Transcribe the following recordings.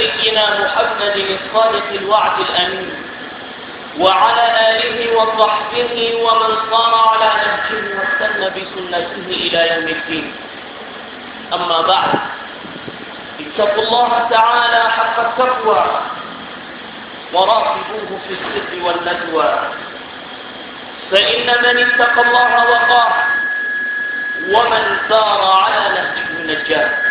نبينا محمد الصادق الوعد الأمين وعلى آله وصحبه ومن صار على نهجه واستنى بسنته إلى يوم الدين أما بعد اتقوا الله تعالى حق التقوى وراقبوه في السر والنجوى فإن من اتقى الله وقاه ومن سار على نهجه نجاه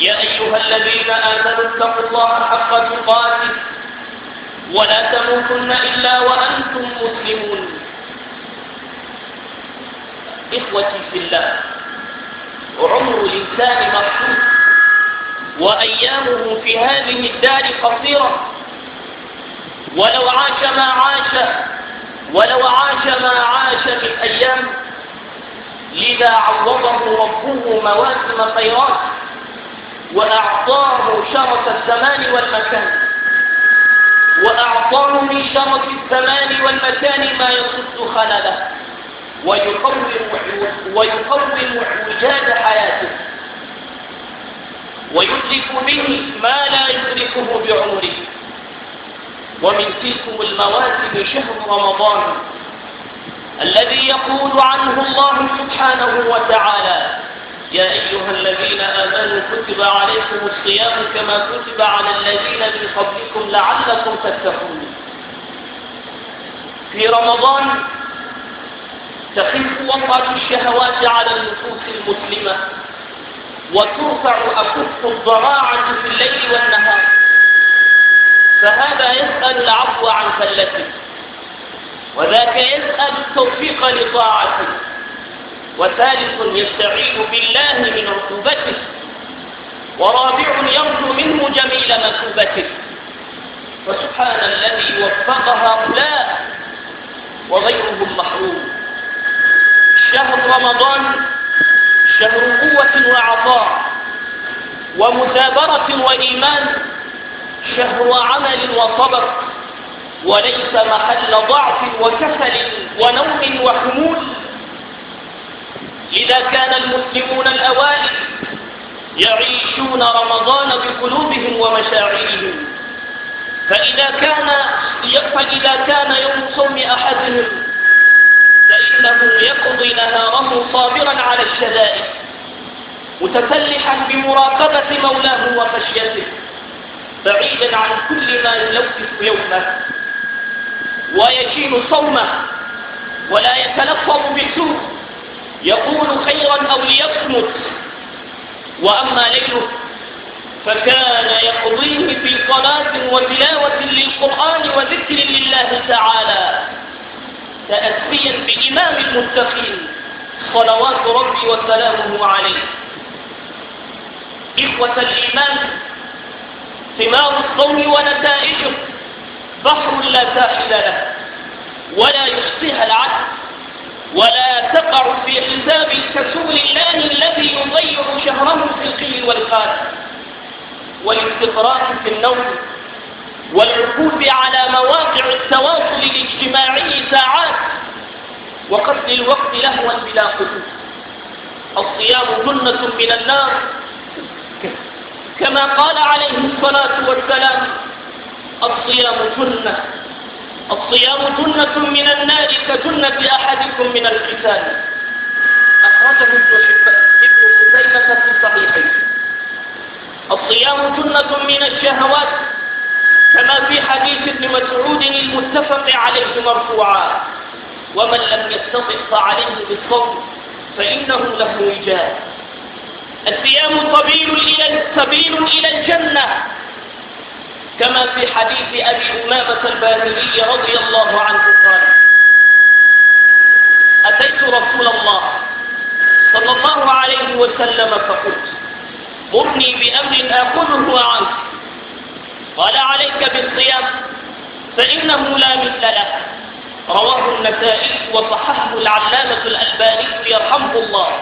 يا أيها الذين آمنوا اتقوا الله حق تقاته ولا تموتن إلا وأنتم مسلمون إخوتي في الله عمر الإنسان محدود وأيامه في هذه الدار قصيرة ولو عاش ما عاش ولو عاش ما عاش في الأيام لذا عوضه ربه مواسم خيرات وأعطاه شرف الزمان والمكان وأعطاني شرف الزمان والمكان ما يصد خلله ويقوم ويقوم وجاد حياته ويدرك منه ما لا يدركه بعمره ومن تلكم المواسم شهر رمضان الذي يقول عنه الله سبحانه وتعالى يا أيها الذين آمنوا كتب عليكم الصيام كما كتب على الذين من قبلكم لعلكم تتقون في رمضان تخف وقعة الشهوات على النفوس المسلمة وترفع أكف الضراعة في الليل والنهار فهذا يسأل العفو عن فلته وذاك يسأل التوفيق لطاعته وثالث يستعيذ بالله من عقوبته ورابع يرجو منه جميل مثوبته وسبحان الذي وفق هؤلاء وغيرهم محروم شهر رمضان شهر قوة وعطاء ومثابرة وإيمان شهر عمل وصبر وليس محل ضعف وكسل ونوم وخمول إذا كان المسلمون الأوائل يعيشون رمضان بقلوبهم ومشاعرهم فإذا كان فإذا كان يوم صوم أحدهم فإنه يقضي نهاره صابرا على الشدائد متسلحا بمراقبة مولاه وخشيته بعيدا عن كل ما يلوث يومه ويشين صومه ولا يتلفظ بالسوء يقول خيرا أو ليصمت وأما ليله فكان يقضيه في صلاة وتلاوة للقرآن وذكر لله تعالى تأسيا بإمام المتقين صلوات ربي وسلامه عليه إخوة الإيمان ثمار الصوم ونتائجه بحر لا ساحل له ولا يخطيها العدل ولا تقع في حساب كسول الله الذي يضيع شهره في القيل والقال والاستقرار في النوم والعكوف على مواقع التواصل الاجتماعي ساعات وقتل الوقت لهوا بلا حدود الصيام جنة من النار كما قال عليه الصلاة والسلام الصيام جنة الصيام جنة من النار كجنة أحدكم من القتال أخرجه ابن حبيبة في صحيحه الصيام جنة من الشهوات كما في حديث ابن مسعود المتفق عليه مرفوعا ومن لم يستطع فعليه بالصوم فإنه له وجاه الصيام إلى, سبيل إلى الجنة كما في حديث أبي أمامة الباهلي رضي الله عنه قال أتيت رسول الله صلى الله عليه وسلم فقلت مرني بأمر آخذه عنك قال عليك بالصيام فإنه لا مثل له رواه النسائي وصححه العلامة الألباني يرحمه الله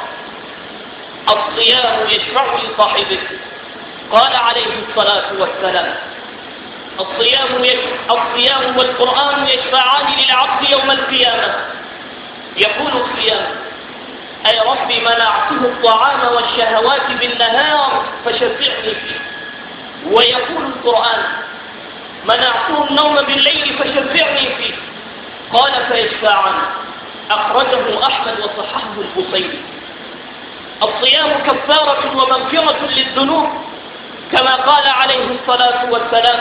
الصيام يشفع لصاحبه قال عليه الصلاة والسلام الصيام الصيام والقرآن يشفعان للعبد يوم القيامة يقول الصيام أي رب منعته الطعام والشهوات بالنهار فشفعني فيه ويقول القرآن منعته النوم بالليل فشفعني فيه قال فيشفعان أخرجه أحمد وصححه البصيري الصيام كفارة ومغفرة للذنوب كما قال عليه الصلاة والسلام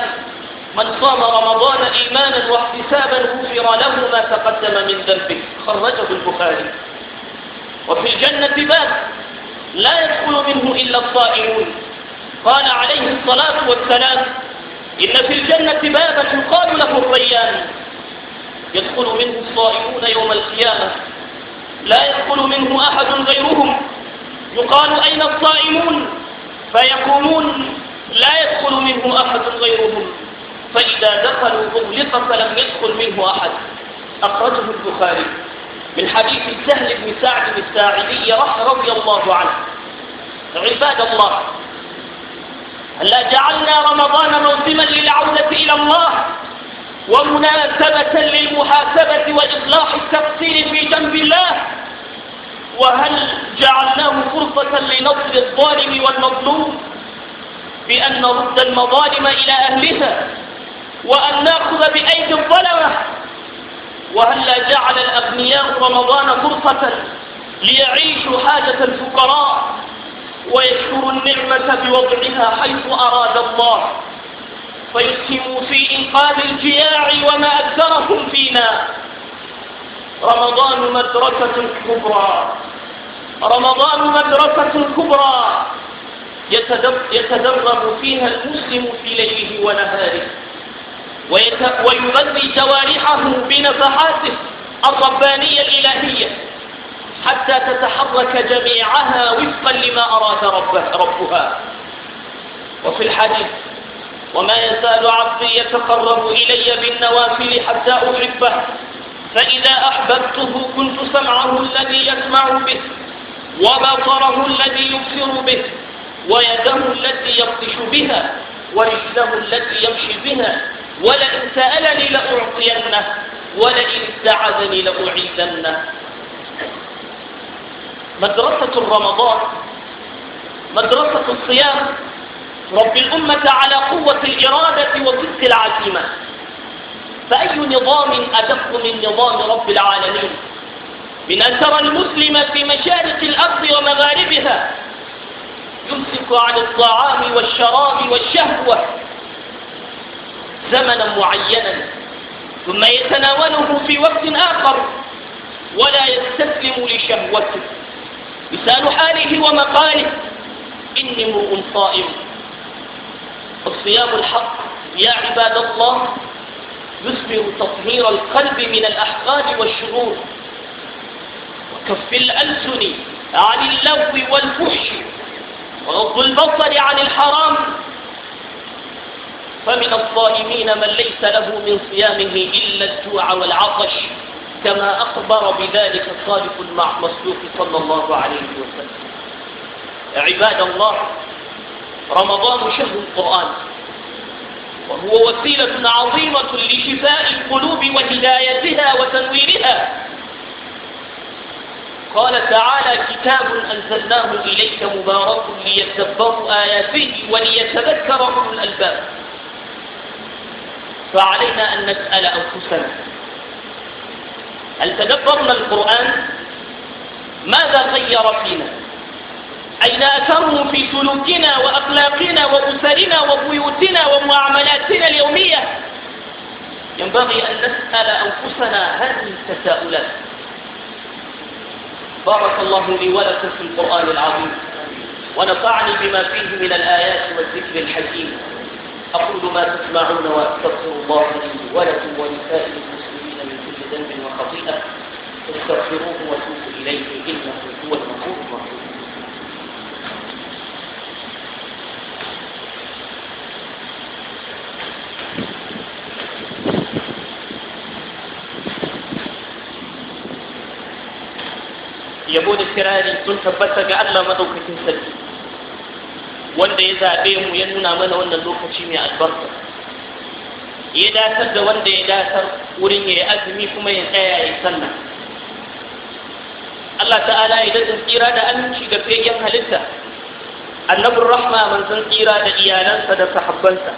من صام رمضان إيمانا واحتسابا غفر له ما تقدم من ذنبه خرجه البخاري وفي الجنة باب لا يدخل منه إلا الصائمون قال عليه الصلاة والسلام إن في الجنة بابا يقال له الريان يدخل منه الصائمون يوم القيامة لا يدخل منه أحد غيرهم يقال أين الصائمون فيقولون لا يدخل منه أحد غيرهم فإذا دخلوا أغلق فلم يدخل منه أحد أخرجه البخاري من حديث سهل بن سعد الساعدي رضي الله عنه عباد الله ألا جعلنا رمضان موسما للعودة إلى الله ومناسبة للمحاسبة وإصلاح التقصير في جنب الله وهل جعلناه فرصة لنصر الظالم والمظلوم بأن نرد المظالم إلى أهلها وأن نأخذ بأيدي الظلمة وهلا جعل الأغنياء رمضان فرصة ليعيشوا حاجة الفقراء ويشكروا النعمة بوضعها حيث أراد الله فيسهموا في إنقاذ الجياع وما أكثرهم فينا رمضان مدرسة كبرى رمضان مدرسة كبرى يتدرب فيها المسلم في ليله ونهاره ويغذي جوارحه بنفحاته الربانية الإلهية حتى تتحرك جميعها وفقا لما أراد ربه ربها وفي الحديث وما يزال عبدي يتقرب إلي بالنوافل حتى أحبه فإذا أحببته كنت سمعه الذي يسمع به وبصره الذي يبصر به ويده التي يبطش بها ورجله التي يمشي بها ولئن سألني لأعطينه ولئن استعذني لأعيذنه مدرسة رمضان مدرسة الصيام رب الأمة على قوة الإرادة وصدق العزيمة فأي نظام أدق من نظام رب العالمين من أن ترى المسلم في مشارق الأرض ومغاربها يمسك عن الطعام والشراب والشهوة زمنا معينا ثم يتناوله في وقت آخر ولا يستسلم لشهوته مثال حاله ومقاله إني امرؤ صائم الصيام الحق يا عباد الله يثمر تطهير القلب من الأحقاد والشرور وكف الألسن عن اللغو والفحش وغض البصر عن الحرام فمن الصائمين من ليس له من صيامه إلا الجوع والعطش كما أخبر بذلك الصادق المصدوق صلى الله عليه وسلم عباد الله رمضان شهر القرآن وهو وسيلة عظيمة لشفاء القلوب وهدايتها وتنويرها قال تعالى كتاب أنزلناه إليك مبارك ليتدبروا آياته وليتذكر أولو الألباب فعلينا أن نسأل أنفسنا هل تدبرنا القرآن ماذا غير فينا أين أثره في سلوكنا وأخلاقنا وأسرنا وبيوتنا ومعاملاتنا اليومية ينبغي أن نسأل أنفسنا هذه التساؤلات بارك الله لي ولكم في القرآن العظيم ونفعني بما فيه من الآيات والذكر الحكيم أقول ما تسمعون وأستغفر الله لي ولكم ولسائر المسلمين من كل ذنب وخطيئة فاستغفروه وتوبوا إليه إنه هو المغفور الرحيم يبون da كنت بس tabbata ga Allah wanda ya zaɓe mu ya nuna mana wannan lokaci mai albarka ya datar da wanda ya datar wurin ya yi azumi kuma ya tsaya ya sallah Allah ta'ala ya dadin tsira da aminci ga fegen halitta annabin rahma manzon tsira da iyalansa da sahabbansa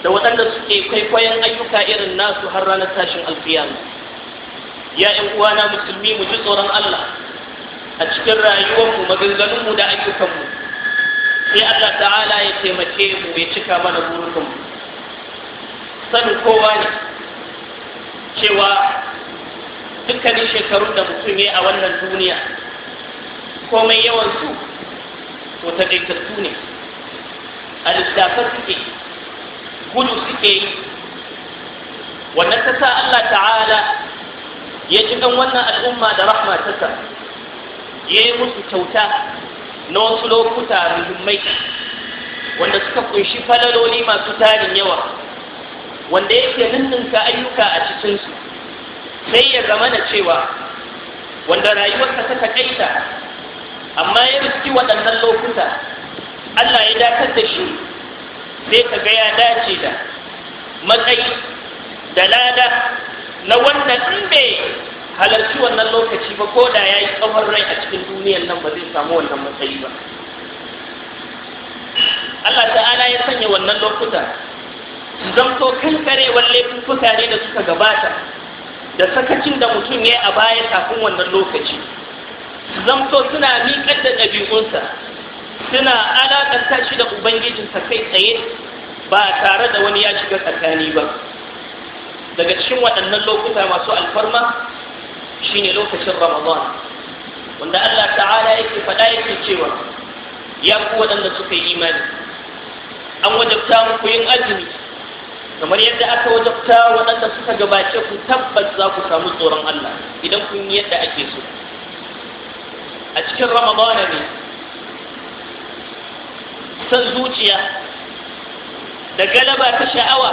da waɗanda suke kwaikwayon ayyuka irin nasu har ranar tashin alfiyama ya 'yan uwana musulmi mu ji tsoron Allah a cikin rayuwarmu maganganunmu da ayyukanmu sai Allah ta'ala ya taimake mu ya cika mana burukun sanin kowa ne cewa dukkanin shekarun da mutum ya a wannan duniya komai yawan su to taƙaitattu ne a littafin suke gudu suke yi wannan ta sa Allah ta'ala ya ji wannan al'umma da rahma ta ya yi musu kyauta na wasu lokuta muhimmai wanda suka kunshi falaloli masu tarin yawa wanda yake ninninka ayyuka a cikinsu sai ya zama na cewa wanda rayuwarsa ta takaita amma ya riski waɗannan lokuta Allah ya dakar da shi sai ka ga ya dace da matsayi da lada na wanda ɗin halarci wannan lokaci ba ko da ya yi tsawon rai a cikin duniyar nan ba zai samu wannan matsayi ba Allah ta'ala ya sanya wannan lokuta zamto kankarewar fuka ne da suka gabata da sakacin da mutum ya yi a baya kafin wannan lokaci zamto suna miƙar da ɗabi'unsa suna alaƙanta shi da ubangijinsa kai tsaye ba tare da wani ya shiga tsakani ba daga cikin waɗannan lokuta masu alfarma shine lokacin ramadan wanda Allah ta'ala yake faɗa yake cewa ya ku waɗanda suka yi imani an wajabta muku yin azumi kamar yadda aka wajabta waɗanda suka gabace ku tabbas za ku samu tsoron Allah idan kun yi yadda ake so a cikin ramadana ne san zuciya da galaba ta sha'awa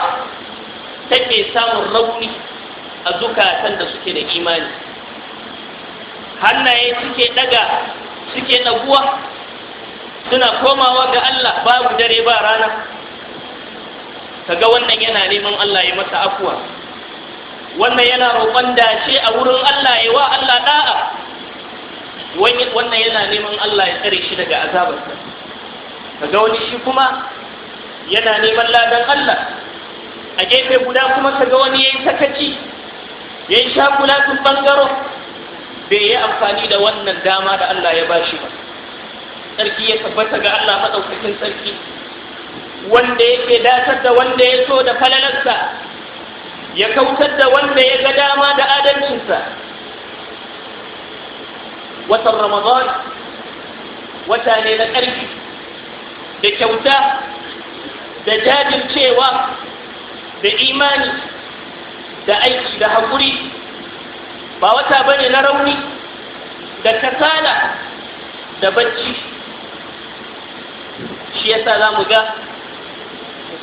take samun rauni a zukatan da suke da imani hannaye suke daga suke daguwa suna komawa ga Allah babu dare ba rana kaga wannan yana neman Allah ya masa afuwa wannan yana roƙon dace a wurin Allah ya wa Allah da'a wannan yana neman Allah ya tsare shi daga azabarsa kaga wani shi kuma yana neman ladan Allah a gefe guda kuma kaga wani yayin sakaci yayi shakulatun bangaro bai yi amfani da wannan dama da Allah ya bashi ba sarki ya tabbata ga Allah madaukakin sarki wanda yake datar da wanda ya so da falalarsa ya kautar da wanda ya ga dama da adalcinsa watan ramadan wata ne na ƙarfi da kyauta da jajircewa da imani da aiki da haƙuri ba wata bane na rauni da kasala da bacci shi yasa za mu ga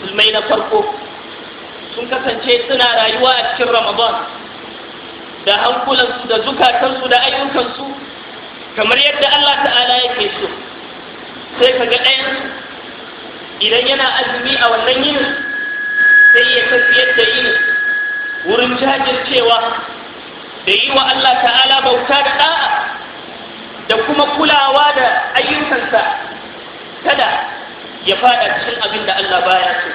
musulmai na farko sun kasance suna rayuwa a cikin ramadan da hankulansu da zukatansu da ayyukansu kamar yadda allah ta'ala yake so sai ka ga ɗayansu idan yana azumi a wannan yini sai ya tafiyar da yinin wurin jajircewa da yi wa Allah ta'ala bauta da ɗa'a da kuma kulawa da ayyukansa kada ya faɗa cikin abin da Allah baya so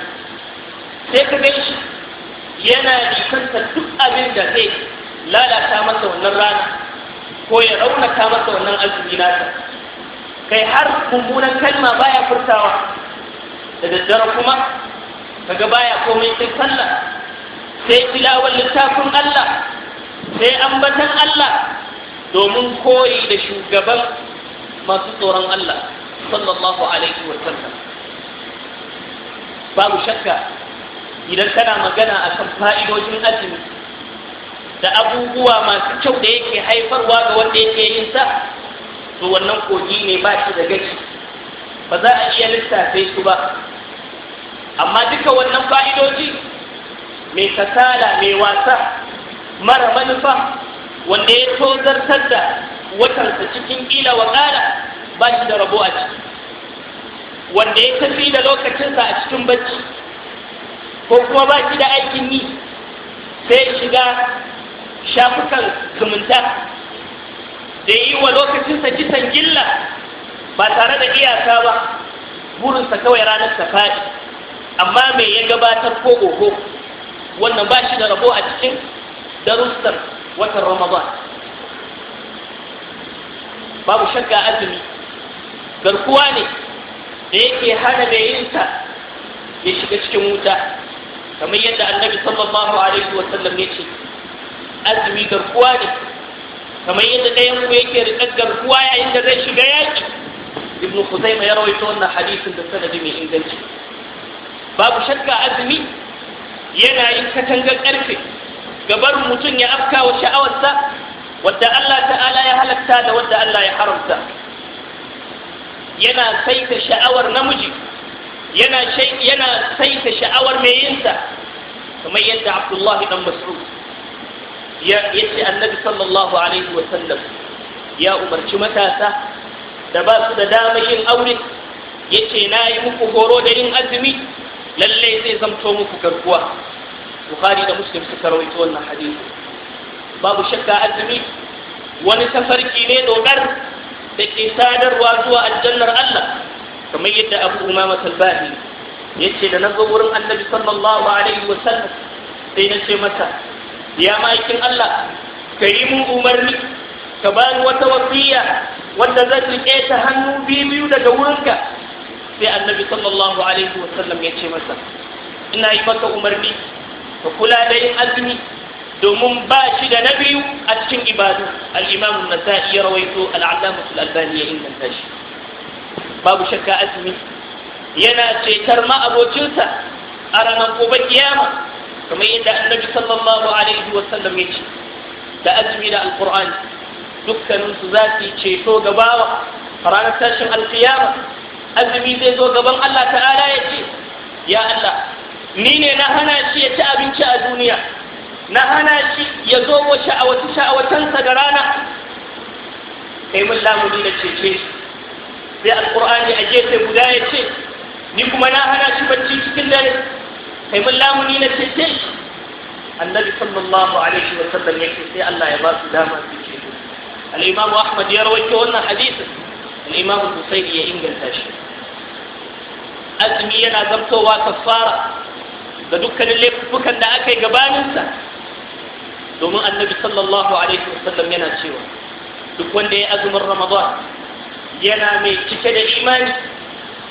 sai ka gan shi yana nisanta duk abin da zai lalata masa wannan rana ko ya raunata masa wannan azumi nasa kai har mummunan kalma baya furtawa da daddare kuma kaga baya komai sai sallah sai filawar littafin Allah sai ambatan Allah domin koyi da shugaban masu tsoron Allah sallallahu alaihi wa sallam babu shakka idan kana magana akan fa'idojin azumi da abubuwa masu kyau da yake haifarwa ga wanda yake yin sa to wannan kogi ne ba shi da gaci ba za a iya lissafe su ba amma duka wannan fa'idoji mai kasala mai wasa mara manufa wanda ya tozartar da watansa cikin ila wa ƙara ba shi da rabo a ciki wanda ya tafi da lokacinsa a cikin bacci ko kuma ba shi da aikin yi sai shiga shafukan zumunta da yi wa lokacinsa kisan gilla ba tare da iyaka ba burinsa kawai ranar ta faɗi amma mai ya gabatar ko oho wannan ba shi da rabo a cikin ده نص ترك رمضان باب شكا أزمي فالكواني ايكي هانا بإنسا يشكشك موتا كما يدى النبي صلى الله عليه وسلم يشي أزمي فالكواني كما يدى قيام بيكي رتك فالكواني عند ريش ابن خزيمة يروي تونا حديث دفن بمي إنجلش باب شكا أزمي ينا إنسا أرفي gabar mutum ya afka wa sha'awarsa wadda Allah ta'ala ya halatta da wadda Allah ya haramta yana saita sha'awar namiji yana yana saita sha'awar mai yinsa kamar yadda Abdullah ibn Mas'ud ya yace Annabi sallallahu alaihi wa sallam ya umarci matasa da ba su da dama yin aure yace na yi muku horo da yin azumi lalle zai zamto muku garkuwa bukhari da muslim suka rawaito wannan hadisi babu shakka azumi wani tafarki ne dogar da ke sadarwa zuwa aljannar Allah kamar yadda Abu Umama ya ce da nazo wurin Annabi sallallahu alaihi wa sallam sai na ce masa ya ma'aikin Allah ka yi mun umarni ka bani wata wasiya wanda zan rike ta hannu biyu daga wurinka sai Annabi sallallahu alaihi wa sallam ya ce masa ina yi maka umarni ka kula da yin azumi domin ba shi da na biyu a cikin ibadu al na sa iya rawaito al albani ya inganta shi babu shakka azumi yana cetar ma abokinsa a ranar gobe kiyama kamar yadda annabi sallallahu alaihi wa sallam ya ce da azumi da alqur'ani dukkanin su za su ceto gabawa ranar tashin alkiyama azumi zai zo gaban Allah ta'ala ya ce ya Allah ni ne na hana shi ya ci abinci a duniya na hana shi ya zo wa sha'awatu sha'awatansa da rana kai mun lamuni na cece sai alqur'ani a gefe guda ya ce ni kuma na hana shi bacci cikin dare kai mun lamuni na cece annabi sallallahu alaihi wa sallam yake sai Allah ya ba su dama su ce al-imam ahmad ya rawaito wannan hadisin al-imam al ya inganta shi azumi yana zamtowa kafara Da dukkanin laifukan da aka yi gabaninsa domin annabi sallallahu alaihi wasallam yana cewa duk wanda ya azumin ramadan yana mai cike da imani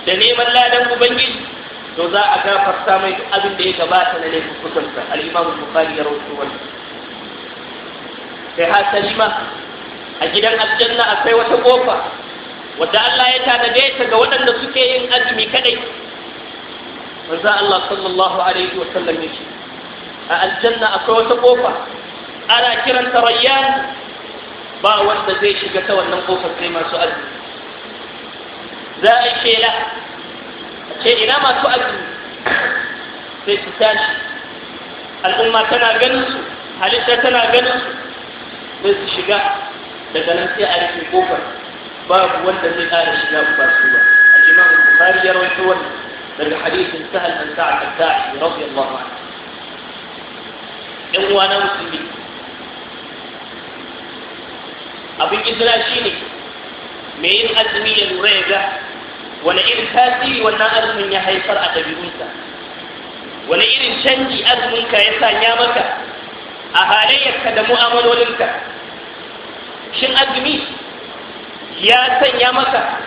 da neman ladan ubangiji to za a gafarta mai abin da ya gabata na laifukansa al-imam ya rawaito wannan sai hasali ma a gidan aljanna akwai wata kofa wadda Allah ya tanade ta ga waɗanda suke yin azumi kadai manzo Allah sallallahu alaihi wa sallam yake a aljanna akwai wata kofa ana kiranta rayyan ba wanda zai shiga ta wannan kofar sai masu azumi za a yi shela a ce ina masu azumi sai su tashi al'umma tana ganin su halitta tana ganin su sai su shiga daga nan sai a rufe kofar babu wanda zai ƙara shiga ba su ba al'imamu bukari ya rawaito wannan daga hadisin sahal an sa'ad al-sa'i radiyallahu anhu in na musulmi abin izra shine me yin azumi ya lura ya ga wani irin tasiri wannan azumin ya haifar a ɗabi'unsa wani irin canji azuminka ya sanya maka a halayyarka da mu'amalolinka shin azumi ya sanya maka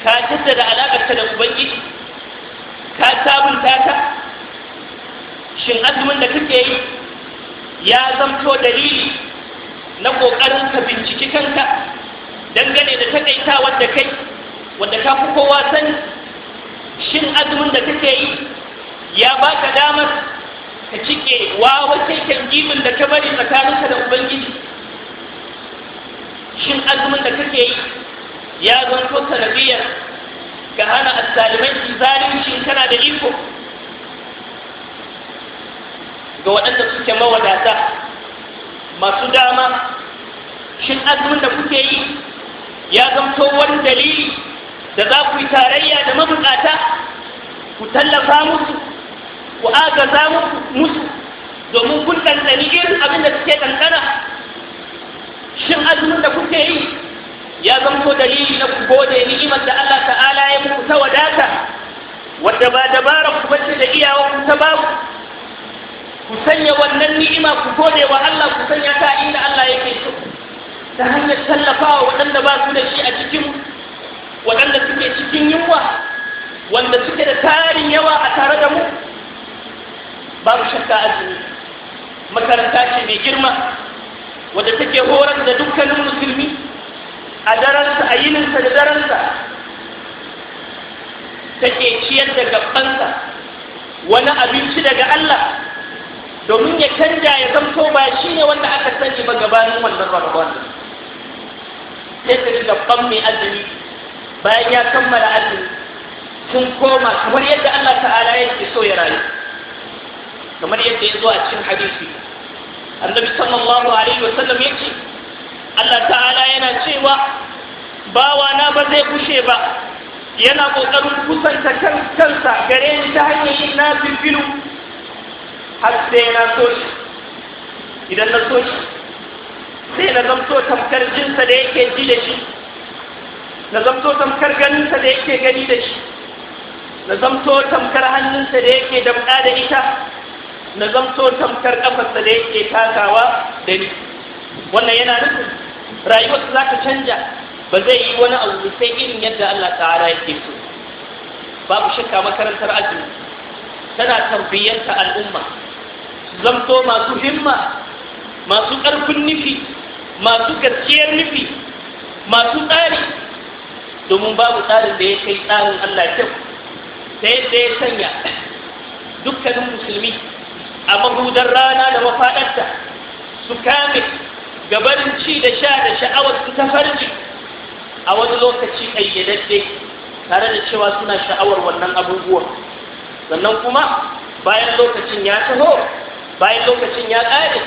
ka da alaƙarta da ubangiji ka sabunta ta shin azumin da kake yi ya zamto dalili na kokarin ka binciki kanka dangane da takaitawar da kai wanda ka fi kowa sani shin azumin da kake yi ya baka damar ka cike wawa kan gibin da ka bari tsakaninka da ubangiji shin azumin da kake yi ya zanto sanadiyar ka hana azzalimanci zalunci kana da iko ga waɗanda suke mawadata masu dama shin azumin da kuke yi ya zamto wani dalili da za ku yi tarayya da mabukata ku tallafa musu ku agaza musu domin kun ɗanɗani irin abin da suke ɗanɗana shin azumin da kuke yi ya zamto dalili na ku gode ni'imar da Allah ta'ala ya muku ta wadata wadda ba dabara ku bace da iyawa ku ta babu ku sanya wannan ni'ima ku gode wa Allah ku sanya ta inda Allah yake so ta hanyar tallafawa waɗanda ba su da shi a cikin waɗanda suke cikin yunwa wanda suke da tarin yawa a tare da mu babu shakka azumi makaranta ce mai girma wadda take horar da dukkanin musulmi a daransa a yininsa da daransa take ciyar da gabansa wani abinci daga Allah domin ya canja ya zamto ba shi ne wanda aka sani ba gabanin wannan ramadan sai ta ga gaban mai azumi bayan ya kammala azumi sun koma kamar yadda Allah ta'ala yake so ya rayu kamar yadda ya zo a cikin hadisi annabi sallallahu alaihi wasallam yake Allah ta'ala yana cewa bawa na ba zai kushe ba yana ƙoƙarin kusanta kansa gare ni ta hanyar yin na filfilu har sai na so shi idan na so shi sai na zamto tamkar jinsa da yake ji da shi na zamto tamkar ganinsa da yake gani da shi na zamto tamkar hannunsa da yake damɗa da ita na zamto tamkar ƙafarsa da yake takawa da ni wannan yana nufin rayuwarsa za ta canja ba zai yi wani abu sai irin yadda Allah ta'ala yake so babu shakka makarantar azumi tana tarbiyyanta al'umma zamto masu himma masu ƙarfin nufi masu gaskiyar nufi masu tsari domin babu tsarin da ya kai tsarin Allah kyau ta yadda ya sanya dukkanin musulmi a mahudar rana da mafaɗarta su kame gabarin ci da sha da sha'awar su ta farji a wani lokaci ayyadadde tare da cewa suna sha'awar wannan abubuwan sannan kuma bayan lokacin ya taho bayan lokacin ya ƙare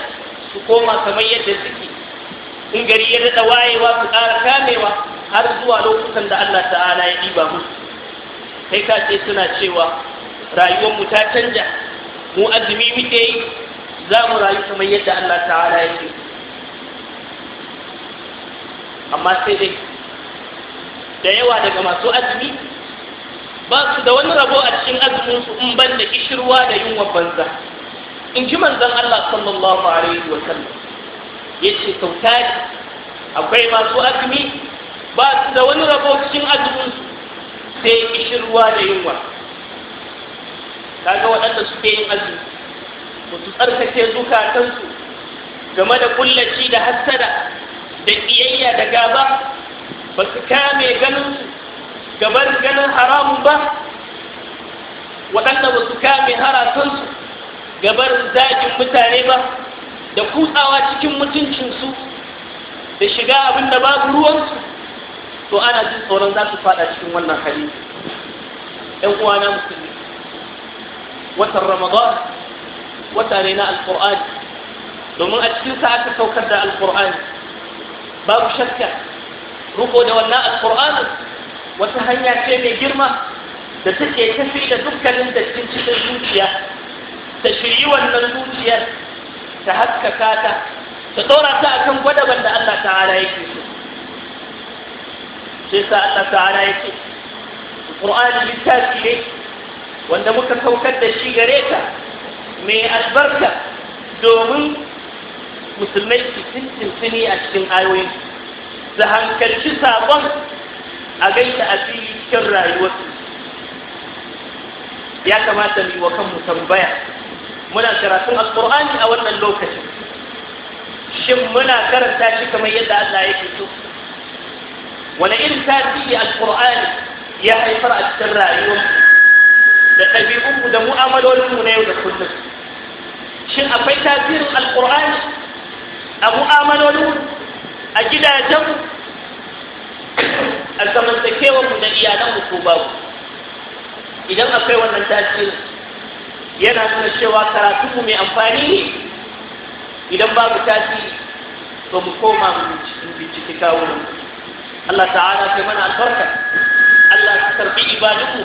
su koma kamar yadda suke in gari ya daɗa wayewa su ƙara kamewa har zuwa lokutan da Allah ta'ala ya ɗiba musu kai ka ce suna cewa rayuwarmu ta canja mu azumi muke yi za mu rayu kamar yadda Allah ta'ala ya ce amma sai dai da yawa daga masu azumi ba su da wani rabo a cikin azuminsu in ban da kishirwa da yunwa banza in ji manzon Allah sallallahu alaihi wa sallam yace sautari akwai masu azumi ba su da wani rabo cikin azuminsu sai kishirwa da yunwa kaga waɗanda suke yin azumi ba su tsarkake zukatansu game da kullaci da hassada da ƙiyayya da gaba ba su kame ganin gaban ganin haramun ba waɗanda ba su kame haratunsu gabar zagin mutane ba da kutsawa cikin mutuncinsu da shiga abin da babu ruwansu to ana jin tsoron za su fada cikin wannan hali ‘yan uwana musulmi watan ramadan wata ne na alƙur'ani domin a cikinsa aka saukar da alƙur'ani babu shakka ruko da wannan alqur'ani wata hanya ce mai girma da take tafi da dukkanin da cikin zuciya ta shiryi wannan zuciya ta haskaka ta ta ɗora ta akan gwadaban da Allah ta'ala yake so sai sa Allah ta'ala yake alqur'ani littafi ne wanda muka saukar da shi gare ta mai albarka domin musulmai su tintintini a cikin ayoyin su hankalci sabon a gaita a fili cikin rayuwarsu ya kamata mu yi wa kanmu tambaya muna karatun alƙur'ani a wannan lokacin shin muna karanta shi kamar yadda Allah ya fito wani irin tasiri alƙur'ani ya haifar a cikin rayuwarmu da ɗabi'unmu da mu'amalolinmu na yau da kullum shin akwai tasirin alƙur'ani a mu'amalolin a gidajen a zamantakewar mu da iyalan mu ko babu idan akwai wannan tasiri yana nuna cewa karatu mu mai amfani ne idan babu tasiri to mu koma mu bincike kawo Allah ta'ala kai mana albarka Allah ka karbi ibadunmu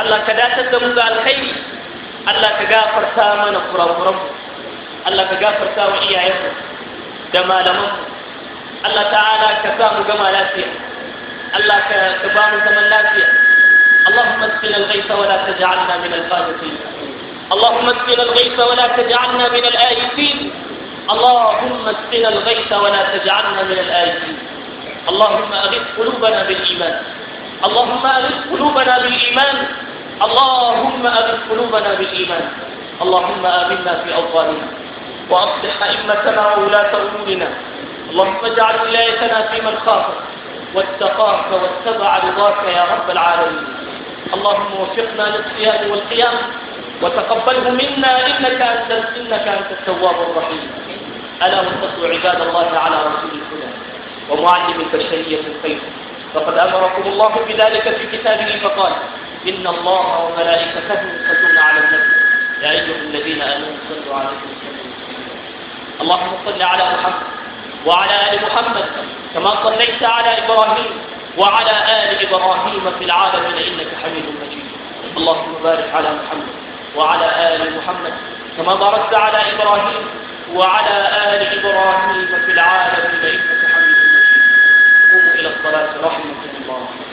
Allah ka datar da mu ga alkhairi Allah ka gafarta mana kurakuranmu Allah ka gafarta wa iyayenmu da malaman Allah ta'ala ka sa mu gama lafiya Allah ka ba mu zaman lafiya اللهم اسقنا الغيث ولا تجعلنا من القانطين اللهم اسقنا الغيث ولا تجعلنا من الآيسين اللهم اسقنا الغيث ولا تجعلنا من الآيسين اللهم أغث قلوبنا بالإيمان اللهم أغث قلوبنا بالإيمان اللهم أغث قلوبنا بالإيمان اللهم آمنا في أوطاننا وأصلح أئمتنا وولاة أمورنا اللهم اجعل ولايتنا في من خافك واتقاك واتبع رضاك يا رب العالمين اللهم وفقنا للصيام والقيام وتقبله منا إنك أنت إنك أنت التواب الرحيم ألا وصلوا عباد الله على رسول الله ومعلم البشرية الخير فقد أمركم الله بذلك في كتابه فقال إن الله وملائكته يصلون على النبي يا أيها الذين آمنوا صلوا عليه وسلم اللهم صل على محمد وعلى آل محمد كما صليت على إبراهيم وعلى آل إبراهيم في العالمين إنك حميد مجيد اللهم بارك على محمد وعلى آل محمد كما باركت على إبراهيم وعلى آل إبراهيم في العالمين إنك حميد مجيد قوموا إلى الصلاة رحمة الله